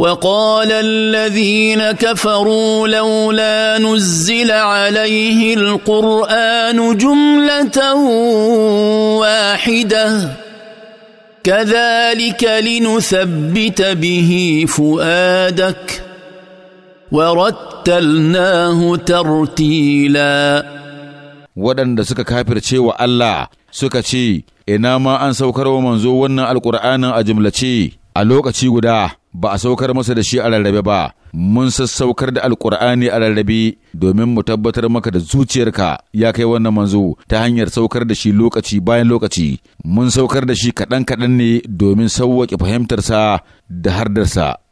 وقال الذين كفروا لولا نزل عليه القران جمله واحده كذلك لنثبت به فؤادك ورتلناه ترتيلا waɗanda suka kafirce wa Allah suka ce, Ina ma an saukar wa manzo wannan alƙur'anin a jumlace a lokaci guda ba a saukar masa da shi a rarrabe ba, mun sassaukar da alƙur'ani a rarrabe domin mu tabbatar maka da zuciyarka ya kai wannan manzo ta hanyar saukar da shi lokaci bayan lokaci, mun saukar da shi kaɗan-kaɗan ne domin sauwaƙe fahimtarsa da hardarsa.